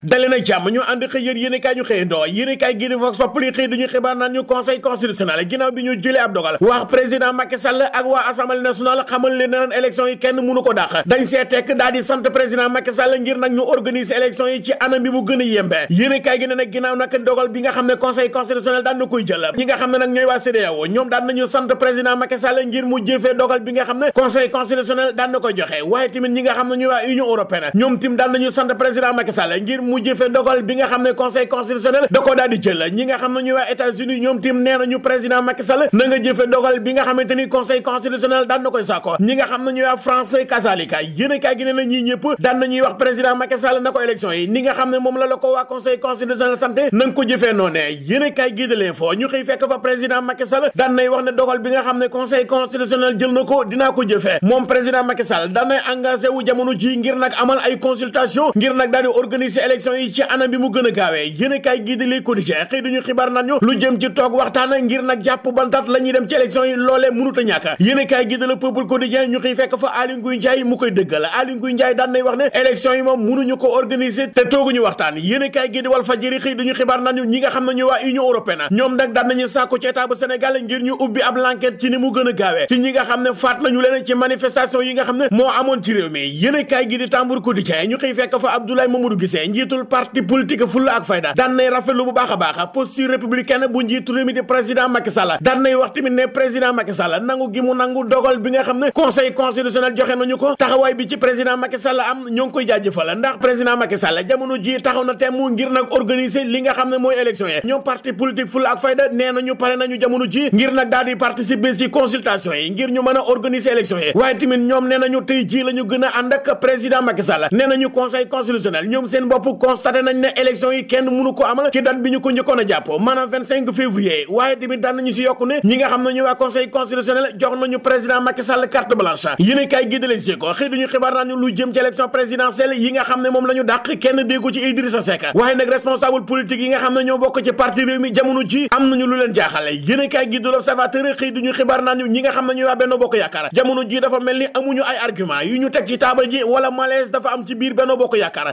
dale nag jàmm ñoo ànd xëy yér yéene ñu xëy ndoo yéene kaay gi di vox populi xëy duñu xibaar naan ñu conseil constitutionnel ginnaaw bi ñu jëlee ab dogal wax président Macky ak waa assemblée nationale xamal leen naan yi kenn mënu ko dàq dañ see tekk daal di sant président ci anam mu gën a yembee yéene kaay gi ne nag ginnaaw nag dogal bi nga xam ne conseil constitutionnel daan na koy jël ñi nga xam ne nag ñooy waa CEDEAO ñoom daan nañu sant président Macky Sall ngir mu jëfee dogal bi nga xam ne conseil constitutionnel daan na joxe waaye tamit ñi nga xam ne ñooy waa union européenne ñoom mu fe dogal bi ne conseil constitutionnel da ko daal di jël ñi nga xam ne ñuy waa états jëfe dogal bi nga xam ne ñuy waa français kasalika yéen a kaay gi nee conseil constitutionnel santé a kaay gi de l'info wax ne dogal bi nga xam ne conseil constitutionnel jël na ko dinaa ko jëfee moom président Macky Sall daan nay ji ngir nag amal ay consultation ngir nag daal di organiser élection yi ci anam bi mu gën a gaawee yéenekaay gii di Le Quotidien xëy duñu xibaar naan lu jëm ci toog waxtaan ngir nag jàpp bantat la ñuy dem ci élection yi loolee mënut a ñàkk yéenekaay gii di Le Peuple Quotidien ñu xëy fekk fa Aly Ngouille Ndiaye mu koy dëggal Aly Ngouille Ndiaye daan nay wax ne élection yi moom mënuñu ko organiser te tooguñu waxtaan yéenekaay gii di wal Fadjri xëy ñu xibaar naan ñu ñi nga xam ne ñu waa Union européenne ñoom nag daan nañu sàkku ci état bu Sénégal ngir ñu ubbi ni mu gën a gaawee ci nga xam ne faat nañu leen ci yi nga xam ne moo amoon ci réew mi yéenekaay gii di Tambour Quotidien ñu xëy fekk fa njiitul parti politique fulla ak fayda daan nay rafetlu bu baax a baax posture républicaine bu njiitu réew mi di président Macky Sall daan wax tamit ne président Macky Sall nangu gi nangu dogal bi nga xam ne conseil constitutionnel joxe nañu ko taxawaay bi ci président Macky Sall am ñoo ngi koy jaajëfal ndax président Macky Sall jamono ji taxaw na temm ngir nag organiser li nga xam ne mooy élection yi ñoom parti politique fulla ak fayda nee nañu ngir nag daal di participer ci consultation yi ngir ñu mën a organiser élection yi waaye tamit ñoom nee nañu la nee nañu conseil constitutionnel ñoom seen constaté nañ ne élection yi kenn mënu ko amal ci date bi ñu ko njëkkoon a jàpp maanaam 25 février waaye tamit daan nañu si yokku ne ñi nga xam ne ñu waa conseil constitutionnel jox nañu président Macky Sall carte blanche yéen kay gi lu jëm ci élection présidentielle yi nga xam ne moom lañu ñu dàq kenn déggu ci Idrissa Seck waaye nag responsable politique yi nga xam ne ñoo bokk ci parti réew mi ji am nañu lu leen jaaxale yéen kay gi de l'observateur xëy duñu xibaar naan ñu ñi nga xam ne ñu waa Benno Bokk ji dafa mel ni amuñu ay argument ñu teg ci taabal ji wala malaise dafa am ci biir Benno Bokk Yaakaar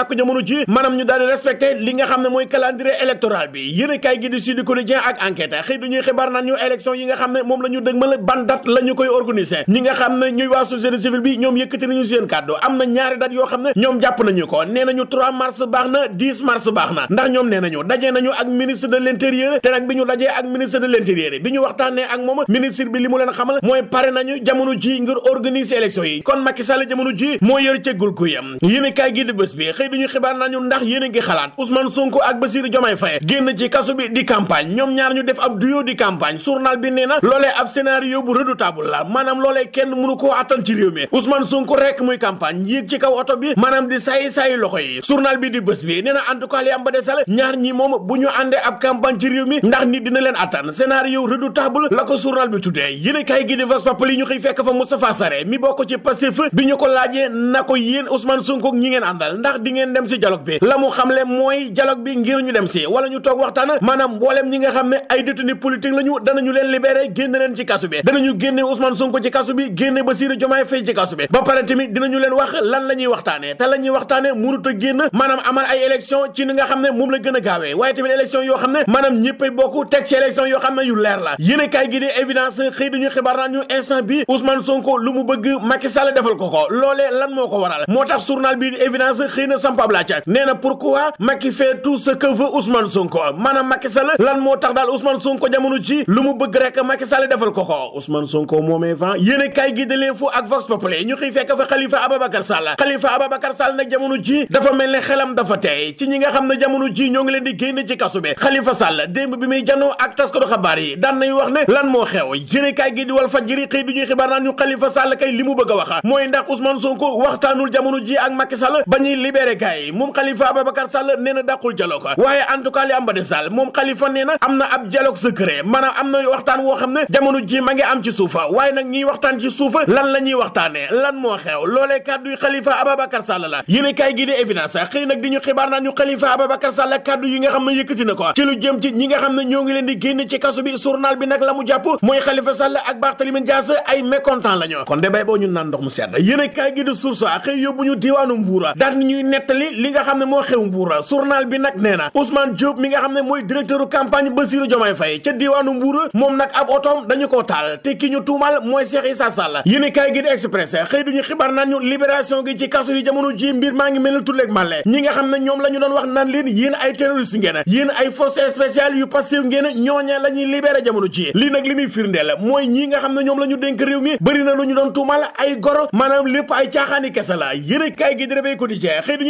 sàkku jamono ji maanaam ñu daal di li nga xam ne mooy calendrier électoral bi yéen a kaay gi di ak enquête xëy duñuy xibaar naan ñu yi nga xam ne moom la ñu dëgmal ban date koy organiser ñi nga xam ne ñuy waa société civile bi ñoom yëkkati nañu seen kàddu am na ñaari date yoo xam ne ñoom jàpp nañu ko nee nañu 3 nañu ak ministre de l'intérieur te nag bi ñu dajee ak ministre de l'intérieur bi ñu waxtaanee ak moom ministre duñu xibaar nañu ndax yéen a ngi xalaat Ousmane Sonko ak Bassirou Diomaye Faye génn ci kaso bi di campagne ñoom ñaar ñu def ab duo di campagne journal bi nee na ab scénario bu redoutable la maanaam loolee kenn mënu koo attan ci réew mi Ousmane Sonko rek muy campagne yéeg ci kaw oto bi maanaam di saayi saayi loxo yi journal bi di bés bi nee na en desal ñaar ñi moom bu ñu àndee ab campagne ci réew mi ndax nit dina leen attan scénario redoutable la ko ngeen la mu xamle mooy dialogue bi ngir ñu dem ci wala ñu toog waxtaan maanaam mboolem ñi nga xam ne ay détenu politique lañu danañu leen libéré génn leen ci kasu bi danañu génne Ousmane Sonko ci kasu bi génne Bassirou Diomaye Faye ci kasu bi ba pare tamit dinañu leen wax lan la waxtaane te la waxtaane mënut a génn maanaam amal ay élection ci ni nga xam ne moom la gën a gaawee waaye tamit élection yoo xam ne maanaam ñëppay bokk teg ci élection samp ab laaj nee na pourquoi Macky fait tout ce que veut Ousmane Sonko maanaam Macky lan moo tax daal Ousmane Sonko jamono ji lu mu bëgg rek Macky Sall defal ko ko Ousmane Sonko moomee fan yéen a kaay gi de l'info ak Vox Populi ñu xëy fekk fa Khalifa Ababacar Sall Khalifa Ababacar Sall nag jamono xam ne jamono ji ñoo ngi di génn ci kasu bi Khalifa Sall démb bi muy janoo ak taskatu a kaay gi di xëy du ñuy xibaar naan ñu Khalifa Sall kay li mu bëgg a wax mooy ndax Ousmane Sonko waxtaanul jamono ji ak Macky Sall ba ñuy libéré yéene kay moom Khalifa Ababacar Sall nee na dàqul dialogue waaye en tout li am ba des daal moom Khalifa nee am na ab dialogue secret maanaam am na waxtaan woo xam ne jamono ji ma ngi am ci suufa waaye nag ñiy waxtaan ci suufa lan la ñuy waxtaanee moo xew loolee kàddu yi Khalifa Ababacar Sall la yéene yi nga xam ne yëkkati ko ci lu jëm ci ñi nga xam ne ñoo ngi leen di génn ci kaso bi journal bi nag la mu jàpp mooy Khalifa Sall ak Barthélémy Dias ay mécontent nettali li nga xam ne moo xew Mbuur journal bi nag nee na Ousmane Diop mi nga xam ne mooy directeur campagne Bassirou Diomaye Faye ca diwaanu Mbuur moom nag ab otoom dañu ko taal te ki ñu tuumal mooy Cheikh Issa Sall yéen kaay gi di express xëy duñu xibaar naan ñu libération gi ci kaso yi jamono ji mbir maa ngi mel ni tulleeg ñi nga xam ne ñoom la ñu doon wax naan leen yéen ay terroriste ngeen yéen ay forces spéciales yu Pastef ngeen ñooñe la ñuy lii nag li muy firndeel mooy ñi nga xam ne ñoom la ñu dénk réew mi bëri na lu ñu doon tuumal ay goro maanaam lépp ay caaxaani kese la yéen kaay gi di réveil quotidien xëy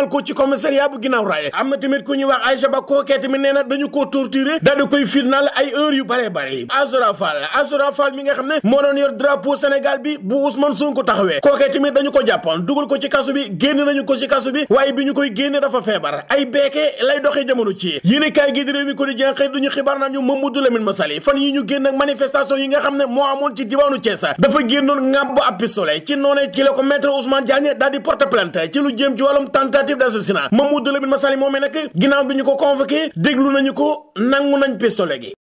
tribunal ko ci commissariat bu ginnaaw raay am na tamit ku ñuy wax Aïcha Ba kookee tamit nee dañu koo torturer daal koy firnaal ay heures yu bare bare Azora Fall Azora mi nga xam ne moo doon drapeau Sénégal bi bu Ousmane Sonko taxawee kookee tamit dañu ko jàppoon dugal ko ci kasu bi génn nañu ko ci kasu bi waaye bi ñu koy génne dafa feebar ay beeke lay doxee jamono ci yéene kaay gi mi ko di jenxëy duñu xibaar naan ñu Mamadou Lamine Massaly fan yi ñu tentative d'assassinat Mamadou Lamine Massaly moomee nag ginnaaw bi ñu ko convoqué déglu nañu ko nangu nañ pistolet gi